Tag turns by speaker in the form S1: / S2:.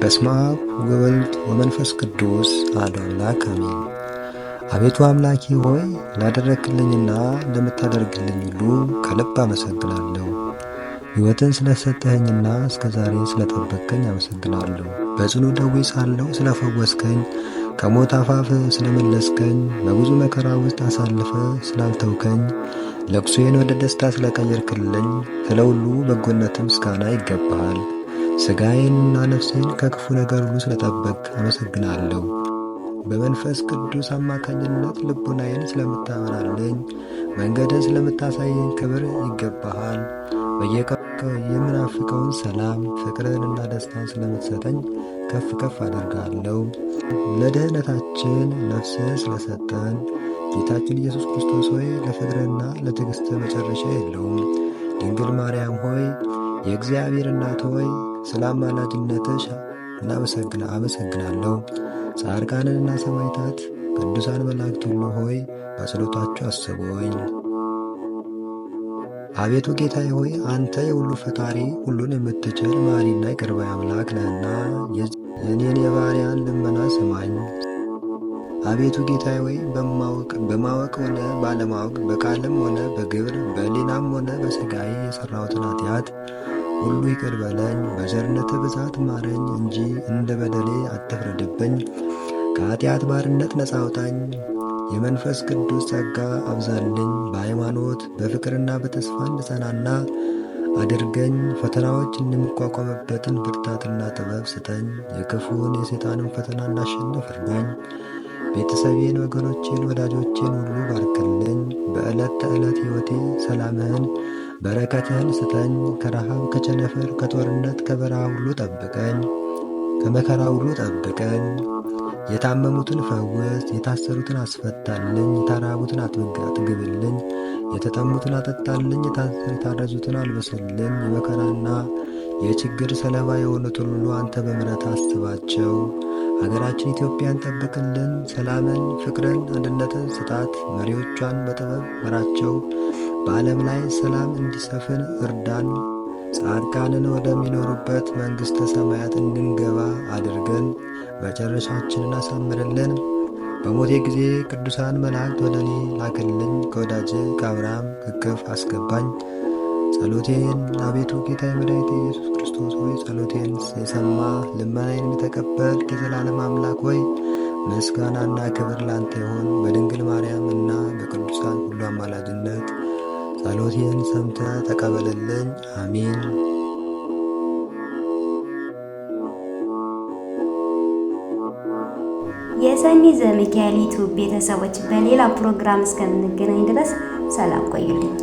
S1: በስመ አብ ወወልድ ወመንፈስ ቅዱስ አሐዱ አምላክ አሜን። አቤቱ አምላኬ ሆይ ላደረክልኝና ለምታደርግልኝ ሁሉ ከልብ አመሰግናለሁ። ሕይወትን ስለሰጠኸኝና እስከ ዛሬ ስለጠበቅከኝ አመሰግናለሁ። በጽኑ ደዌ ሳለሁ ስለፈወስከኝ፣ ከሞት አፋፍ ስለመለስከኝ፣ በብዙ መከራ ውስጥ አሳልፈ ስላልተውከኝ፣ ለቅሶዬን ወደ ደስታ ስለቀየርክልኝ፣ ስለ ሁሉ በጎነትም ምስጋና ይገባሃል። ሥጋዬንና ነፍሴን ከክፉ ነገር ሁሉ ስለጠበቅ አመሰግናለሁ። በመንፈስ ቅዱስ አማካኝነት ልቡናዬን ስለምታመናለኝ። መንገድን ስለምታሳየኝ ክብር ይገባሃል። በየቀቀ የምናፍቀውን ሰላም ፍቅርንና ደስታን ስለምትሰጠኝ ከፍ ከፍ አደርጋለሁ። ለደህነታችን ነፍሰ ስለሰጠን ጌታችን ኢየሱስ ክርስቶስ ሆይ ለፍቅርና ለትዕግሥት መጨረሻ የለውም። ድንግል ማርያም ሆይ የእግዚአብሔር እናት ሆይ ስለ አማላጅነትሽ አመሰግናለሁ። ጻድቃንንና ሰማዕታት ቅዱሳን መላእክት ሁሉ ሆይ በጸሎታችሁ አስቡኝ። አቤቱ ጌታዬ ሆይ አንተ የሁሉ ፈጣሪ ሁሉን የምትችል መሐሪና ይቅር ባይ አምላክ ነህና የእኔን የባሪያን ልመና ስማኝ። አቤቱ ጌታዬ ሆይ በማወቅ ሆነ ባለማወቅ በቃልም ሆነ በግብር በሌላም ሆነ በሥጋዬ የሠራሁትን ኃጢአት ሁሉ ይቅር በለኝ፣ በቸርነት ብዛት ማረኝ እንጂ እንደ በደሌ አትፍረድብኝ። ከኃጢአት ባርነት ነፃ አውጣኝ። የመንፈስ ቅዱስ ጸጋ አብዛልኝ። በሃይማኖት በፍቅርና በተስፋ እንድጸናና አድርገኝ። ፈተናዎች እንምቋቋምበትን ብርታትና ጥበብ ስጠኝ። የክፉን የሴጣንን ፈተና እናሸንፍ እርዳኝ። ቤተሰቤን፣ ወገኖቼን፣ ወዳጆቼን ሁሉ ባርክልኝ። በዕለት ተዕለት ሕይወቴ ሰላምህን በረከትህን ስጠኝ። ከረሃብ፣ ከቸነፈር፣ ከጦርነት፣ ከበረሃ ሁሉ ጠብቀኝ። ከመከራ ሁሉ ጠብቀኝ። የታመሙትን ፈውስ፣ የታሰሩትን አስፈታልኝ፣ የተራቡትን አጥግብልኝ፣ የተጠሙትን አጠጣልኝ፣ የታረዙትን አልብስልኝ። የመከራና የችግር ሰለባ የሆኑትን ሁሉ አንተ በምሕረት አስባቸው። ሀገራችን ኢትዮጵያን ጠብቅልን። ሰላምን፣ ፍቅርን፣ አንድነትን ስጣት። መሪዎቿን በጥበብ ምራቸው። በዓለም ላይ ሰላም እንዲሰፍን እርዳን። ጻድቃንን ወደሚኖሩበት መንግሥተ ሰማያት እንድንገባ አድርገን መጨረሻችንን አሳምርልን። በሞቴ ጊዜ ቅዱሳን መላእክት ወደ እኔ ላክልኝ። ከወዳጅ ከአብርሃም እቅፍ አስገባኝ። ጸሎቴን አቤቱ ጌታ የመድኃኒቴ ኢየሱስ ክርስቶስ ሆይ ጸሎቴን የሰማ ልመናዬን የተቀበል የዘላለም አምላክ ሆይ ምስጋናና ክብር ላንተ ይሆን። በድንግል ማርያም እና በቅዱሳን ሁሉ አማላጅነት ጸሎቴን ሰምተ ተቀበልልኝ። አሚን።
S2: የሰኒ ዘሚካኤል ዩቲዩብ ቤተሰቦች በሌላ ፕሮግራም እስከምንገናኝ ድረስ ሰላም ቆዩልኝ።